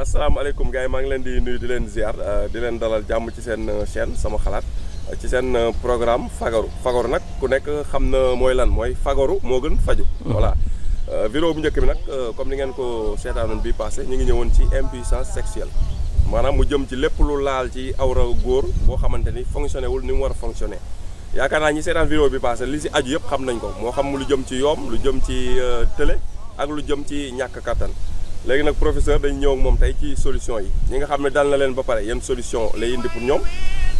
assalamu gars gay ma ngi len di nuyu di len ziar eh, di len dalal jamm ci sen eh, chaîne sama xalat eh, ci sen programme fagaru fagaru nak ku nek xamna moy lan moy fagaru mo gën faju mhm. voilà vidéo bu ñëk bi nak comme ni ngeen ko sétanon bi passé ñi ngi ñëwon ci impuissance sexuelle manam mu jëm ci lepp lu laal ci awra goor bo xamanteni fonctionné wul ni mu wara fonctionné yaakaar naa ñi sétan vidéo bi passé li ci aju yëpp xam nañ ko mo xam lu jëm ci yom lu jëm ci télé ak lu jëm ci ñak kattan léegi nag professeur dañ ñëw ak mom tay ci solution yi ñi nga xam dal na leen ba pare yeen solution lay indi pour ñom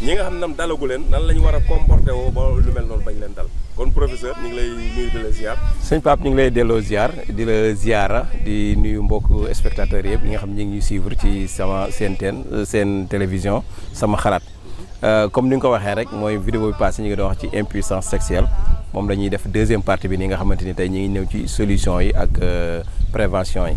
ñi nga xam ne dalagu leen nan lañ wara comporté ba lu mel non bañ leen dal kon professeur ñi ngi lay nuyu de la ziar. sëñ pap ñi ngi lay délo ziar di la ziara di nuyu mbokk spectateurs yëpp ñi nga xam ñi ngi ñuy suivre ci sama centaine sen télévision sama xalaat euh, comme ni nga waxé rek moy vidéo bi passé ñi nga wax ci impuissance sexuelle mom la def deuxième partie bi ni nga xamante ni tey ngi ñëw ci solution yi ak euh, prévention yi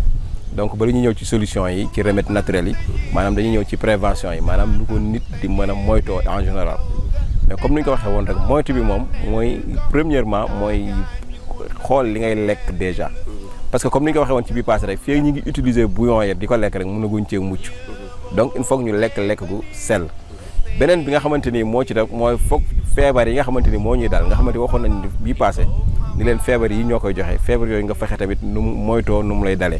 donc bari ñu ñëw ci solution yi ci remède naturel yi manam dañuy ñëw ci prévention yi manam lu ko nit di mëna moyto en général mais comme ni ñu ko waxé won rek moytu bi moom moy premièrement moy xol li ngay lekk déjà parce que comme ni ñu ko waxé won ci bii passé rek fi ñu ngi utiliser bouillon yi diko ko rek mëna mënaguñ ci mucc donc il faut que ñu lekk lekk gu sel benen bi nga xamanteni mo ci def moy foog feebar yi nga xamanteni mo ñuy dal nga xamanteni waxon nañ bi passé ni leen feebar yi ñoo koy joxe feebar yooyu nga fexe tamit nu moyto num lay dalé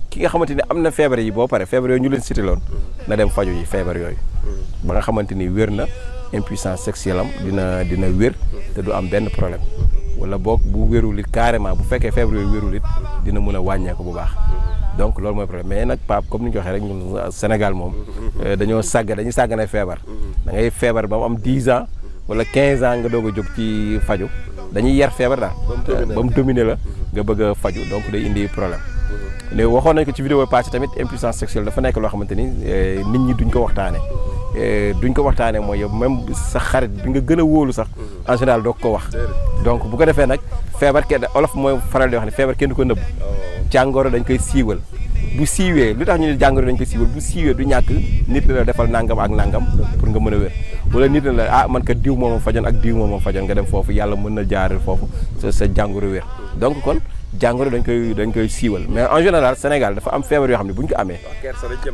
ki nga xamanteni amna fièvre yi bo paré fièvre yo ñu leen cité loon na dem faju yi fièvre yoy ba nga xamanteni wërna impuissance sexuelle am dina dina wër té du am benn problème wala bok bu wérul it carrément bu féké fièvre yoy wérul it dina mëna wañé ko bu baax donc lool moy problème mais nak pap comme ni ñu ko waxee rek ñun Sénégal mom euh, dañu sag dañu sag na fièvre da ngay fièvre ba am 10 ans wala 15 ans nga dogu jog ci faju dañuy yar fièvre da bam dominer la nga bëgg faju donc day indi problème léegi waxoon nañ ko ci vidéo passé tamit impuissance sexuelle dafa nekk loo xamante ni eh, nit ñi duñ ko waxtaane eh, duñ ko waxtaanee mooy yow même sa xarit bi nga gën a wóolu sax en général doo ko wax donc bu ko defee nag feebar kenn olof mooy faral di wax ne feebar kenn du ko nëbb jàngoro dañ koy siiwal bu siiwee lu tax ñu ne jàngoro dañ koy siiwal bu siiwee du ñàkk nit la defal nangam ak nangam pour nga mën a wér wala nit la ah man ka diw moom fajoon ak diw moom fajoon nga dem foofu yàlla mën na jaaral foofu sa sa jàngoro wér donc kon jàngoro dañ koy dañ koy siiwal mais en général Sénégal dafa am feebar yoo xam ne bu ñu ko amee.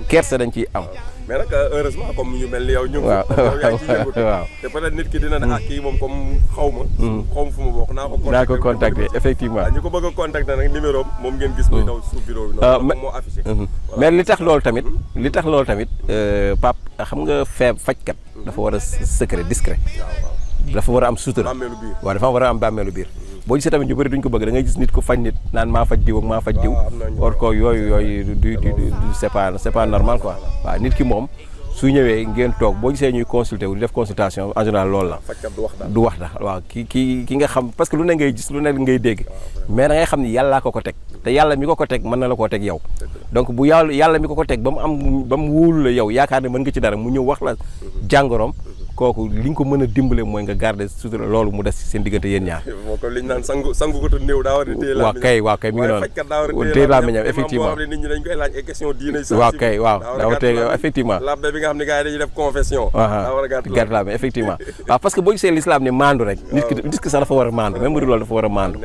kersa dañ ciy am. mais nag euh, heureusement comme ñu mel ni yow. ñu waaw nit ki dina ne mm. ah kii moom comme xaw ma. Mm. xaw ma fu ma bokk naa ko. naa ko contacter effectivement. ñu ko bëgg a contacter nag numéro moom ngeen gis. muy mm. daw suuf bureau bi euh, noonu moo mm-hmm. mais li tax loolu tamit. Mm-hmm. li tax loolu tamit euh, Pape xam nga feeb fajkat. Mm-hmm. dafa war a secret discret. dafa war a am sutura. waaw dafa war a am bàmmeelu biir. boo gisee tamit ñu bëri duñ ko bëgg da ngay gis nit ku faj nit naan maa faj diw ak maa faj diw or ko yooyu yooyu du du c'est pas c'est pas normal quoi waaw nit ki moom su ñëwee ngeen toog boo gisee ñuy consulté wu def consultation en général loolu la du wax da waaw ki ki ki nga xam parce que lu ne ngay gis lu ne ngay dégg mais da ngay xam ni yàllaa ko ko teg te yàlla mi ko ko teg mën na la ko teg yow donc bu yàlla yàlla mi ko ko teg ba mu am ba mu wóolu la yow yaakaar ne mën nga ci dara mu ñëw wax la mm-hmm. jàngoroom kooku li ko mën a dimbale mooy nga garder sutura loolu mu des seen diggante yéen ñaar. sangu ko te néew waaw kay waaw effectivement waaw nit effectivement waaw parce que boo gisee l'islam ne maandu rek nit ki dafa war a maandu même bu dul loolu dafa war a maandu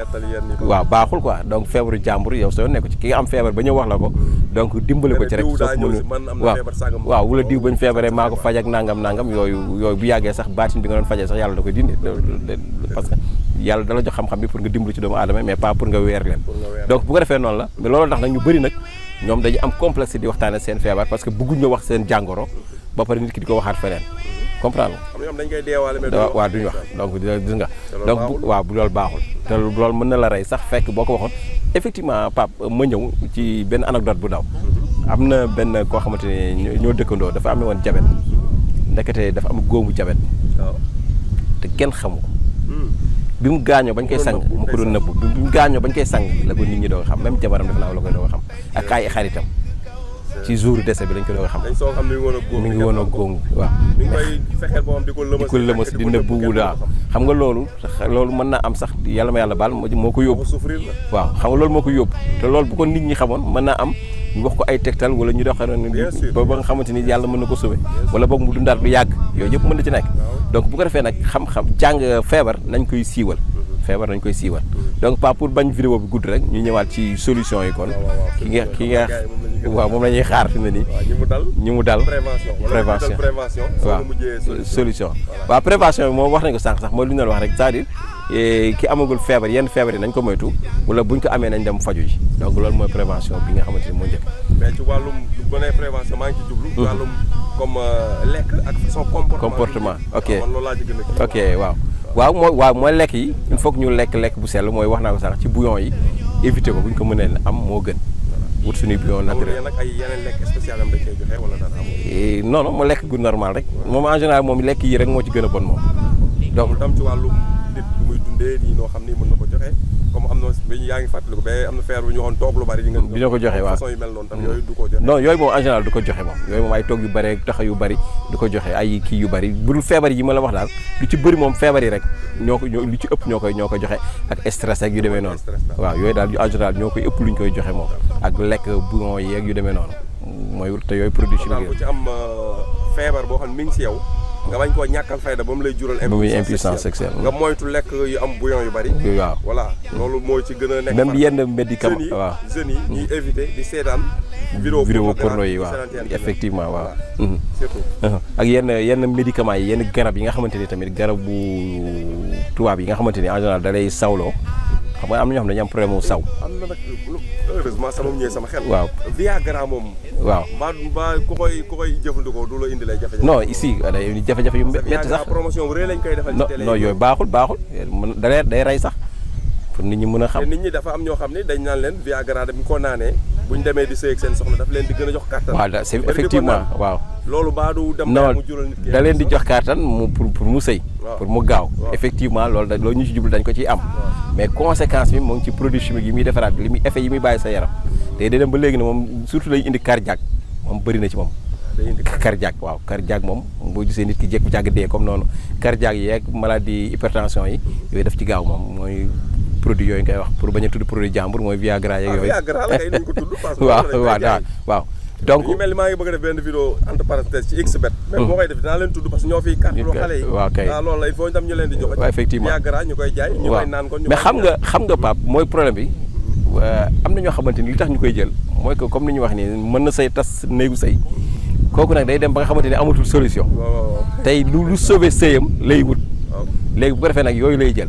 waaw baaxul quoi donc feebaru jàmbur yow soo nekk ci ki am feebar ba ñëw wax la ko donc dimbale ko ci rek soo ko mën waaw waaw diw bañ feebaree maa faj ak nangam nangam yooyu yooyu bu yàggee sax baatin bi nga doon fajee sax yàlla da koy dindi parce que yàlla dala jox xam-xam bi pour nga dimbali ci doomu aadama mais pas pour nga weer leen donc bu ko defee noonu la mais loolu tax nag ñu bëri nag ñoom dañu am complexe di waxtaane seen feebar parce que bëgguñu wax seen jàngoro ba pare nit ki di ko waxaat feneen comprendre nga waaw duñu wax donc gis nga donc waaw bu loolu baaxul te na la rey sax fekk boo ko waxoon effectivement Pape ma ñëw ci benn bu daw mhm. am na benn koo xamante ne ñoo dëkkandoo dafa am na woon jabet ndekete dafa am góomu jabet te kenn xamu ko hmm. bi mu gaañoo bañ koy sang mu ko doon nëbb bi mu gaañoo bañ koy sang la ko nit ñi doo xam même jabaram dafa naa la koy doo xam ak ay xaritam ci jour décès bi dañ ko doon xam. dañ soo xam mi ngi woon ak góob mi ngi woon ak góob waaw. mi ngi koy fexeel boo xam di ko lëmës xam nga loolu. loolu mën naa am sax yàlla ma yàlla baal moo ko yóbbu. waaw xam nga loolu moo ko yóbbu. te loolu bu ko nit ñi xamoon mën naa am. ñu wax ko ay tegtal wala ñu doxal ba ba nga xamante ni yàlla mën na ko sauver wala boog mu dundaat lu yàgg yooyu yëpp mën na ci nekk donc bu ko defee nag xam-xam jàng feebar nañ koy siiwal mhm. feebar nañ koy siiwal mhm. donc pas pour bañ vidéo bi gudd rek ñu ñëwaat ci solution yi kon ki nga ki nga waaw moom la ñuy xaar fi mu ne nii ñi mu dal prévention waaw solution waaw prévention bi moom wax nañ ko sànq sax mooy lu ñu doon wax rek cest à Eh, ki amagul feebar yenn feebar yi nañ ko moytu wala buñ ko amee nañ dem faju ji donc loolu mooy prévention bi nga xamante ni moo njëkk. mais ci wàllum bu nee prévention maa ngi ci jublu. Hmm. wàllum comme euh, lekk ak son comportement. comportement ah, waaw. waaw mooy waaw lekk yi ñu lekk lekk bu sell mooy wax naa ko sax ci bouillon yi éviter ko buñ ko mënee am moo gën. wut suñuy bouillon naturel amul ay yeneen lekk spécial am dañ koy joxe wala dara amul. Eh, non non mu lekk gu normal rek moom en général moom lekk yi rek moo ci gën a bon moom de lii noo xam ni mën na ko joxe comme am yaa ngi fàttaliku ba am feer bu ñu waxoon lu bari. di nga ko joxe waaw façon yu mel noonu tam yooyu du ko joxe. moom en du ko joxe moom yooyu moom ay toog yu bari taxa yu bari du ko joxe ay kii yu bari budul feebar yi ma la wax daal lu ci bëri moom feebar yi rek ñoo ko lu ci ëpp ñoo koy ñoo ko joxe ak stress ak yu demee noonu waaw yooyu daal en général ñoo koy ëpp ñu koy joxe moom ak lekk bouillon yi ak yu demee noonu mooy te yooyu produit chimique bu ci am euh, feebar boo xam mi ngi si yow nga bañ koo ñàkkal fayda ba mu lay jural. impuissance sexuelle nga moytu lekk yu am bouillon yu bari. waaw voilà loolu moo ci gën a nekk. même yenn médicament waaw jeunes yi ñuy mm. éviter di seetaan. vidéo porno yi waaw effectivement waaw. Mm-hmm. Uh-huh. ak yenn yenn médicaments yi yenn garab yi nga xamante ni tamit bu tubaab yi nga xamante ni en général da lay sawloo. xam nga am na ñoo xam ne dañu am problème saw. am na nag heureusement sama xel. waaw waaw mbaa mbaa ku koy ku koy jëfandikoo du la indi lay jafe-jafe non ici day indi jafe-jafe yu métti sax koy defal ci télé non yooyu baaxul baaxul da day rey sax pour nit ñi mën a xam nit ñi dafa am ñoo xam ne dañ naan leen Viagra bi ko naanee bu ñu demee di sëy ak seen soxna daf leen di gën a jox kàttan waaw c'est effectivement waaw loolu baa du dem mu jural nit ki leen di jox kàttan pour pour mu sëy pour mu gaaw effectivement loolu da loolu ñu ci jublu dañ ko ci am mais conséquence bi moo ngi ci produit chimique yi muy defaraat li muy effet yi muy bàyyi sa yaram te day dem ba léegi ne moom surtout day indi cardiaque moom bëri na ci moom. Ah, day indi cardiaque waaw cardiaque moom boo gisee nit ki jékku jàng dee comme noonu cardiaque yeeg maladie hypertension yi yooyu daf ci gaaw moom mooy. produit yooyu ngay wax pour bañ a tudd produit jàmbur mooy Viagra yeeg yooyu ah, waaw waaw daal a hmm. leen tudd parce que ñoo fiy kàtt lu xale yi ah, waaw effectivement Viagra ñu koy jaay ñu koy naan kon mais xam nga xam nga Pape mooy problème bi am na ñoo xamante ni li tax ñu koy jël mooy que comme ni ñu wax ni mën na say tas néegu sëy kooku nag day dem ba nga xamante ni amatul solution tey lu lu sauver sëyam lay wut léegi bu ko defee nag yooyu lay jël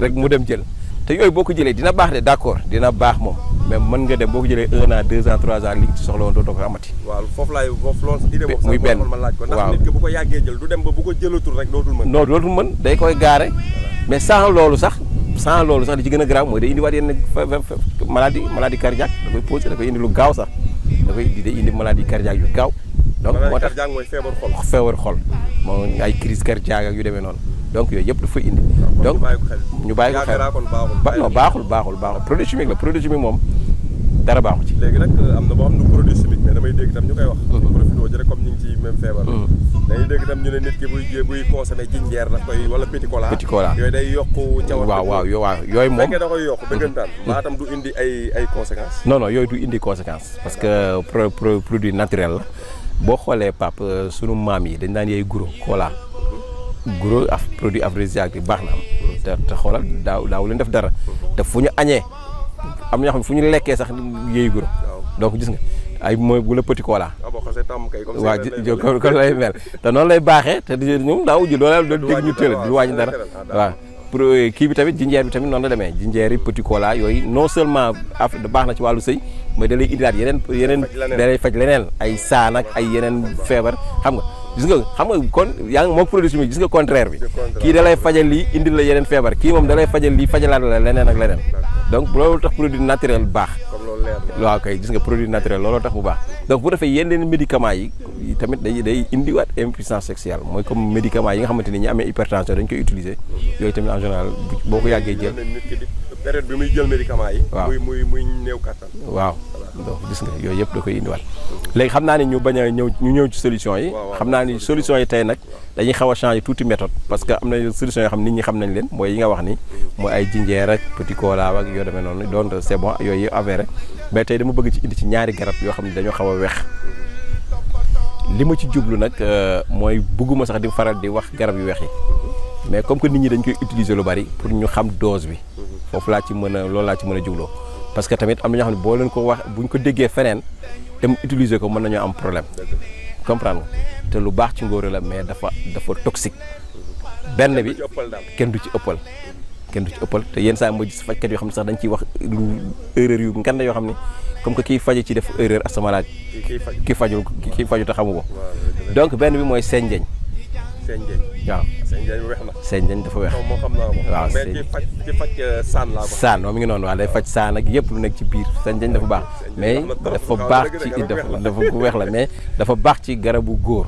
rek mu dem jël te yooyu boo ko jëlee dina baax de d'accord dina baax moom mais mën nga dem boo ko jëlee un an deux ans trois ans li nga ci soxla woon dootoo ko amati. waaw foofu laay foofu loolu idée boobu muy benn ma laaj ko ndax nit ki bu ko yàggee jël du dem ba bu ko jëlatul rek dootul mën. non dootul mën day koy gaare mais sans loolu sax sans loolu sax li ci gën a grave mooy day indiwaat yenn maladie maladie cardiaque da koy posé da koy indi lu gaaw sax da koy day indi maladie cardiaque yu gaaw. donc moo tax mooy feebar xol. feebar xol moom ay crise cardiaque yu demee noonu donc yooyu yëpp dafa indi. donc ñu bàyyi ko xel ñu bàyyi ko xel. non baaxul baaxul produit chimique produit chimique moom. dara baaxu ci léegi nag euh, am na boo xam ne produit chimique mais damay dégg tam ñu koy wax mm-hmm. profité ji rek comme ñu ngi ci même feebar mm-hmm. dañuy dégg tam ñu ne nit ki buy buy consommé jinjeer daf koy wala petit cola petit cola yooyu day yokk cawar waaw waaw yo waaw yooyu moom fekkee da koy yokk dëggantaan mbaa mm-hmm. tam du indi ay ay conséquences non non yooyu du indi conséquence parce que produit naturel la boo xoolee pap euh, sunu maam yi dañ daan yeey guro cola guro af produit aphrodisiaque bi te te xoolal daaw leen def dara te fu ñu am ñoo xam fu ñu lekkee sax yeey guro donc gis nga ay moy bu la petit cola ah wa ko lay mel te non lay baxé te di ñoom daaw ji loolu daal dégg ñu tële di wàññi dara wa pour euh, ki bi tamit jinjeer bi tamit non la démé jinjeer yi petit cola yoy non seulement af baax na ci walu sey mais da lay hydrate yenen yenen da lay fajj lenen ay sa nak ay yenen fièvre xam nga gis nga xam nga kon yaa ngi moog produit mi gis nga contraire bi ki da lay fajal li indil la yenen fièvre ki mom da lay fajal li fajalaat la lenen ak lenen donc loolu tax produit naturel baax. comme loolu leer na waaw kay gis nga produit naturel looloo tax bu baax. donc bu defee yeneen médicaments yi tamit day day indiwaat impuissance sexuelle mooy comme médicament yi nga xamante ni ñi amee hypertension dañ koy utiliser. yooyu tamit en général boo ko yàggee jël. période bi muy jël médicaments yi. waaw muy muy muy néew kattan. waaw. donc gis nga yooyu yëpp da koy indiwaat léegi xam naa ne ñu bañ a ñëw ñu ñëw ci solution yi xam naa ni solution yi tey nag dañuy xaw a changé tuuti méthode parce que am na solution yoo xam nit ñi xam nañ leen mooy yi nga wax ni mooy ay jinjeer ak petit cola ak yoo demee noonu donc c'est bon yooyu avéré mais tey dama bëgg ci indi ci ñaari garab yoo xam ne dañoo xaw a weex li ma ci jublu nag euh, mooy bëgguma sax di faral di wax garab yu weex yi mais comme que nit ñi dañ koy utiliser lu bari pour ñu xam dose bi foofu laa ci mën a loolu laa ci mën a jubloo parce que tamit am na ñoo xam ne boo leen ko wax bu ñu ko déggee feneen dem utiliser ko mën nañoo am problème comprendre nga te lu baax ci ngóor la mais dafa dafa toxique benn bi kenn du ci ëppal kenn du ci ëppal te yenn saa ma gis fajkat yoo xam ne sax dañ ciy wax lu erreur yu ngan yoo xam ne comme que kiy faje ci def erreur asamalaaj ki fajul ki fajul te xamu ko donc benn bi mooy seen njeñ sëñ Dieng sëñ Dieng weex na sëñ Dieng dafa weex moom xam naa ko waaw mais ci faj moom euh, mi ngi noonu waaw day faj saan ak yëpp lu nekk ci biir sëñ Dieng dafa baax mais dafa baax ci dafa dafa ku weex la mais dafa baax ci garabu góor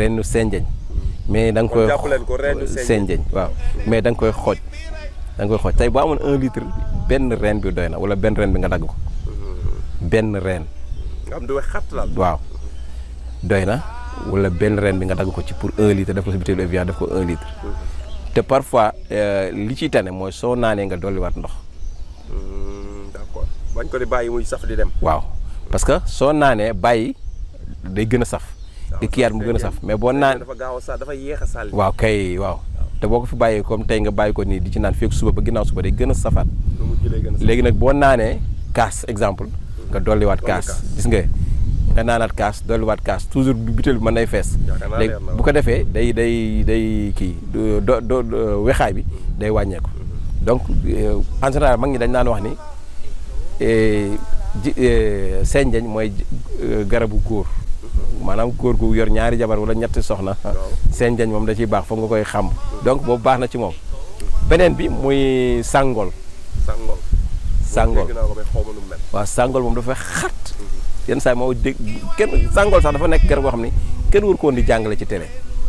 reenu sëñ Dieng hmm. mais danga nga koy sëñ Dieng waaw hmm. mais danga koy xooj da koy xooj tey boo amoon un litre benn reen bi doy na wala benn reen bi nga dagg ko hmm. benn reen am du xat la waaw doy na wala benn reen bi nga dagg ko ci pour un litre def ko si butéelu Evian def ko un litre. te parfois euh, li ci tane mooy soo naanee nga dolliwaat ndox. Hmm, d'accord bañ ko di bàyyi muy saf di dem. waaw parce que soo naanee bàyyi day gën a saf. Ah, di kiyaat mu gën saf mais boo naan dafa gaaw a sa yéex a sàlli waaw kay waaw. te boo ko fi bàyyee comme tey nga bàyyi ko nii di ci naan fekk suba ba ginnaaw suba day gën a safaat. léegi nag boo naanee kaas exemple. nga dolliwaat kaas gis nga. nga naanaat kaas dolliwaat kaas toujours butéel bi mën nay fees. léegi bu ko defee day day day kii do do wexaay bi day wàññeeku. donc euh, en général mag ñi dañ naan wax ni eh, ji eh, senjañ mooy euh, garabu góor. maanaam góor gu yor ñaari jabar wala ñetti soxna. senjañ moom da ciy baax foog nga koy xam. donc boobu baax na ci moom. beneen bi muy sàngool. sàngool. sàngool sàngool moom dafa xat. yenn saa yi moo dégg kenn sàngool sax dafa nekk garab goo xam ne kenn wër koo woon di jàngale ci télé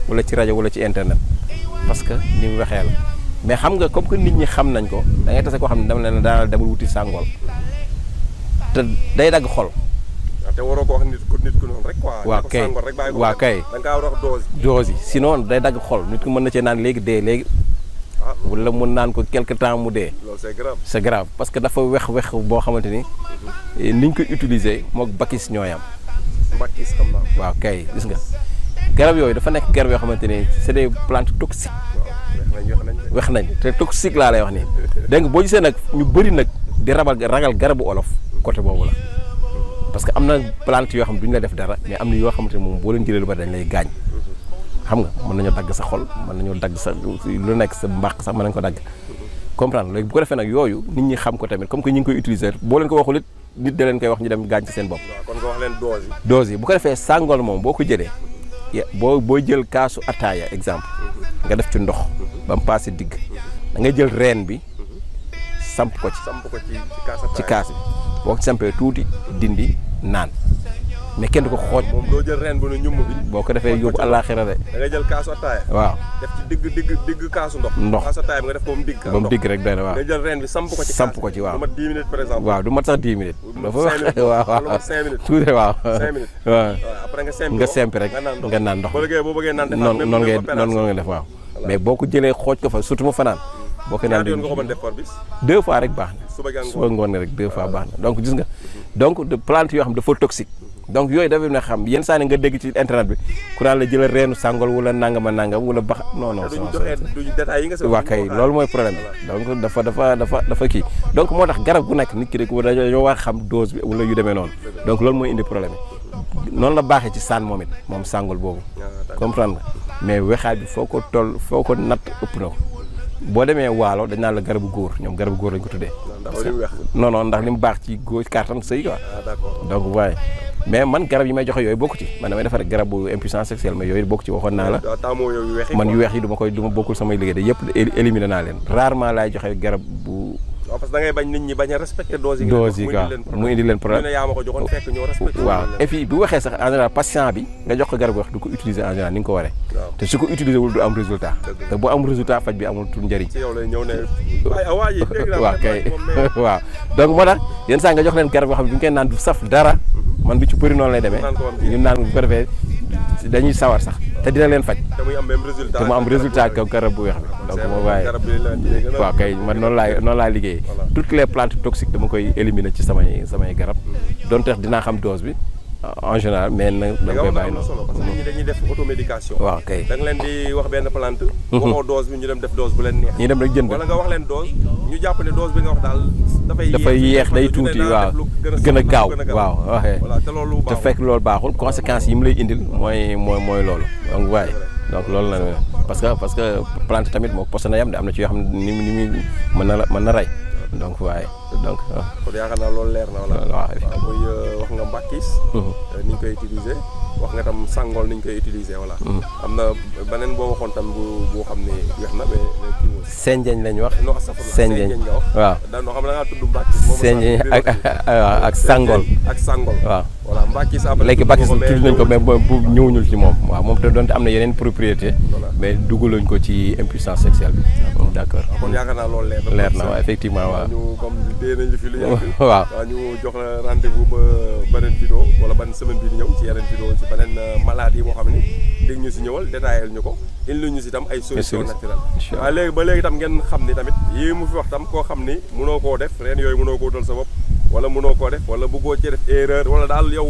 wala ci rajo wala ci internet parce que ni mu waxee la mais xam nga comme que nit ñi xam nañ ko da ngay tase koo xam ne dama leen daanal demul wuti sàngool te day dagg xol. te waroo ko nit ku nit ku noonu rek quoi. waaw kay waaw kay da nga war a wax dose yi. dose yi sinon day dagg xol nit ku mën na cee naan léegi dee léegi. wala mën naan ko quelque temps mu dee. c'est grave c'est grave parce que dafa wex wex boo xamante ni eh, niñ ko utiliser mook bakis ñooy am. bakis xam naa waaw kay gis nga garab yooyu dafa nekk garab yoo xamante ni c'est des plantes toxiques. wex nañ nañ te toxique laa lay wax nii dégg nga boo gisee nag ñu bëri nag di rabal ragal garabu olof côté boobu la parce que am na plante yoo xam duñ la def dara mais am na yoo xamante ni moom boo leen jëlee lu bari dañ lay gaañ. xam nga mën nañoo dagg sa xol mën nañoo dagg sa lu nekk sa mbaq sax mën nañ ko dagg comprendre léegi bu ko defee nag yooyu nit ñi xam ko tamit comme que ñi ngi koy utiliser boo leen ko waxul it nit da leen koy wax ñu dem gaañ ci seen bopp kon nga wax leen dose yi bu ko defee sàngool moom boo ko jëlee boo boo jël kaasu ataaya exemple nga def ci ndox ba mu paase digg da ngay jël reen bi samp ko ci samp ko ci kaas bi boo ko ci sampee tuuti dindi naan mais kenn du ko xooj. moom doo jël ren boo ko defee yóbbu àllaaxira de. da nga jël kaasu ataaya. waaw def ci ndox. ndox kaasu ataaya bi nga def ko moom digg. ba mu digg rek doy waaw ren bi samp ko ci. samp ko ci waaw du mat 10 minutes par sax 10 minutes. dafa waaw nga sempi rek nga naan ndox. boo bëggee boo bëggee naan defaat même nga def waaw. mais boo ko jëlee xooj ko fa surtout mu fanaan boo ko naan deux fois rek baax na suba ngoon rek deux baax na donc gis nga donc plante yoo xam dafa toxique donc yooyu dafay na xam yenn saa nga dégg ci internet bi ku naan la jëlal reenu sàngol wala nangama nangam wala bax non non waa kay loolu mooy problème bi donc dafa dafa dafa dafa kii donc moo tax garab gu nekk nit ki rek dañoo war xam dose bi wala yu demee noonu donc loolu mooy indi problème noonu la baaxee ci saan moom it moom sàngol boobu ah, comprendre nga mais wexaay bi foo ko toll foo ko natt ëpp na ko boo demee waalo dañ naan la garabu góor ñoom garabu góor lañ ko tuddee ah, non non ndax li mu baax ci góor kàttan sëy quoi ah, donc waaye mais man garab yi may joxe yooyu bokku ci man damay defar garabu impuissance sexuelle mais yooyu bokku ci waxoon naa la man yu weex koy du bokkul samay liggéey de yëpp éliminé naa leen rarement laay joxe garab bu waaw parce a respecté dose yi mu indi leen problème yaa ma ko joxoon waaw et bu waxee sax en patient bi nga jox ko garab wax du ko utiliser en ni ko waree te su ko utiliser wul du am résultat te bu am résultat faj bi amul tout njëriñ ah, waaw donc moo man bi ci bëri noonu lay demee ñu naan ko bu ko defee dañuy sawar sax te dina leen faj te mu am résultat kaw garab bu weex bi donc moo waaye waaw kay man noonu laay noonu laay liggéeyee tout les plantes toxiques dama koy éliminer ci samay samay garab mm. donte dinaa xam doos bi en général mais na da nga koy bàyyi noonu solo parce que dañuy def automédication. waaw kay da nga wax benn plante. Mhm. waxoo ñu dem def dose bu leen neex. ñu dem rek jënd wala nga wax leen dose ñu jàpp ne dose bi nga wax daal. dafay yéex day tuuti waaw gën a gaaw waaw waaw te fekk loolu baaxul conséquences yi mu lay indil mooy mooy mooy loolu donc waaye donc loolu la parce que parce que plant tamit moo posé na yam de am na ci yoo xam ne ni ni muy mën na la mën na rey. donc waaye donc. Euh, kon yaakaar naa loolu leer na wala. waaw muy euh, wax nga mbàkkis. Mhm. Euh, ni ñu koy utiliser wax nga tam sangool ni koy utiliser voilà. Mhm. am na beneen boo waxoon tam bu boo xam ne weex na ba kii woo. senjeñ lañ wax. noo xam senjeñ nga wax. waaw daan noo xam ne da ngaa tudd mbàkkis. senjeñ ak ak sangool. ak sangool waaw. voilà Mbacke Samba léegi Mbacke tudd nañ ko mais bu ñëwuñul ci moom waaw moom te doonte am na yeneen propriété mais dugaluñ ko ci impuissance sexuelle bi d' ah, kon yaakaar naa loolu leer na leer na waaw effectivement waaw ñu comme dee nañu fi lu yàgg waaw ñu jox la rendez-vous ba beneen wala ban semaine bi di ñëw ci yeneen vidéo ci beneen euh, malade yi moo xam ni dégg ñu si ñëwal détaillé ñu ko indi ñu si tam ay solution naturelle waaw léegi ba léegi tam ngeen xam ni tamit yii mu fi wax tam koo xam ni mënoo koo def reen yooyu mënoo koo dal sa bopp wala mënoo ko def wala buggoo ci def erreur wala daal yow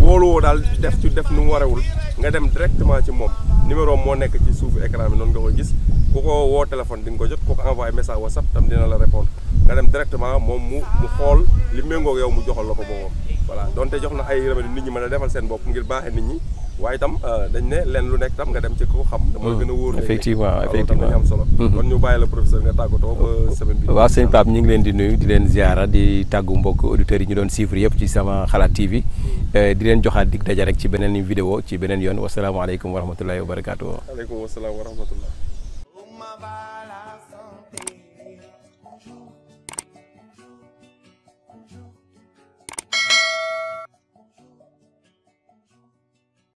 wóoluwoo daal def ci def nu mu warewul nga dem directement ci moom numéro moo nekk ci suufu écran bi noonu nga koy gis ku ko woo téléphone di nga ko jot ku ko envoyé message whatsapp tam dina la répondre nga dem directement moom mu mu xool li méngoog yow mu joxal la ko boppam voilà donte jox na ay remède nit ñi mën a defal seen bopp ngir baaxe nit ñi waaye itam euh, dañ ne leen lu nekk tam nga dem ci ko xam. mooy mm. gën a wóor effectivement effectivement am solo. Mm-hmm. kon ñu bàyyi la professeur nga tàggatoo ba semaine bi. waaw sëñ ngi leen di nuyu di leen ziara di tàggu mbokk auditeurs yi ñu doon suivre yëpp ci sama xalaat TV. Mm. Euh, di leen joxaat dig daja rek ci beneen vidéo ci beneen yoon wasalaamaaleykum wa rahmatullahi wa barakaatu. waaleykum salaam wa rahmatullah.